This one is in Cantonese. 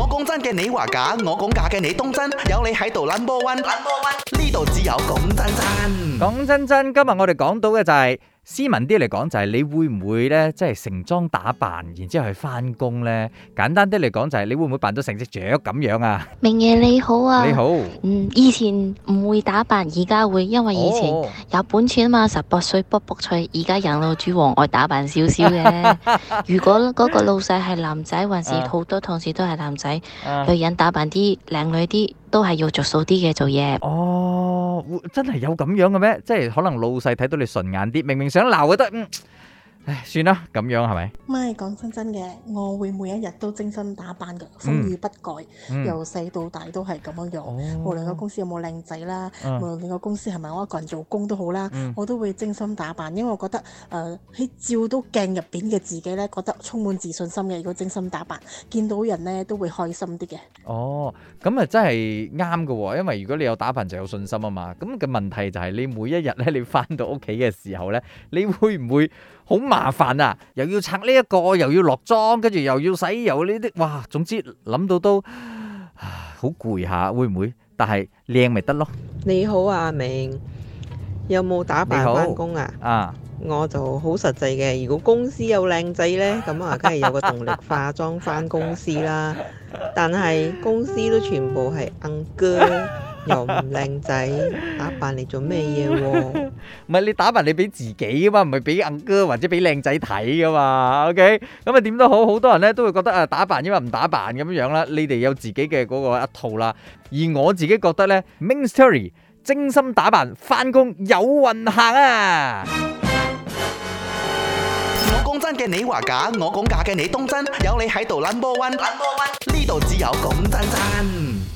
我講真嘅，你話假；我講假嘅，你當真。有你喺度 number one，number one，呢度只有講真真。講真真，今日我哋講到嘅就係、是。斯文啲嚟講就係你會唔會呢？即係盛裝打扮，然之後去翻工呢？簡單啲嚟講就係你會唔會扮到成隻雀咁樣啊？明爺你好啊！你好，嗯，以前唔會打扮，而家會，因為以前有本錢啊嘛，十八歲卜卜脆，而家人老珠黃愛打扮少少嘅。 如果嗰個老細係男仔，還是好多同事都係男仔， 女人打扮啲靚女啲，都係要着數啲嘅做嘢。哦。真係有咁樣嘅咩？即係可能老細睇到你順眼啲，明明想鬧都得。嗯算啦，咁樣係咪？唔係，講真真嘅，我會每一日都精心打扮嘅，嗯、風雨不改，嗯、由細到大都係咁樣樣。哦、無論個公司有冇靚仔啦，嗯、無論你個公司係咪我一個人做工都好啦，嗯、我都會精心打扮，因為我覺得誒喺，呃、照到鏡入邊嘅自己呢，覺得充滿自信心嘅。如果精心打扮，見到人呢都會開心啲嘅。哦，咁啊真係啱㗎，因為如果你有打扮就有信心啊嘛。咁嘅問題就係你每一日呢，你返到屋企嘅時候呢，你會唔會好麻煩啊，又要拆呢一個，又要落妝，跟住又要洗油呢啲，哇！總之諗到都好攰下，會唔會？但係靚咪得咯。你好，阿明，有冇打扮翻工啊？啊，我就好實際嘅。如果公司有靚仔呢，咁啊，梗係有個動力化妝翻公司啦。 但係公司都全部係 uncle 又唔靚仔，打扮嚟做咩嘢？唔係你打扮你俾自己啊嘛，唔係俾阿哥或者俾靚仔睇噶嘛。OK，咁啊點都好，好多人咧都會覺得啊打扮，因為唔打扮咁樣樣啦。你哋有自己嘅嗰個一套啦。而我自己覺得咧，Ministry 精心打扮，翻工有運行啊！我講真嘅，你話假；我講假嘅，你當真。有你喺度，number one，number one，呢度只有講真真。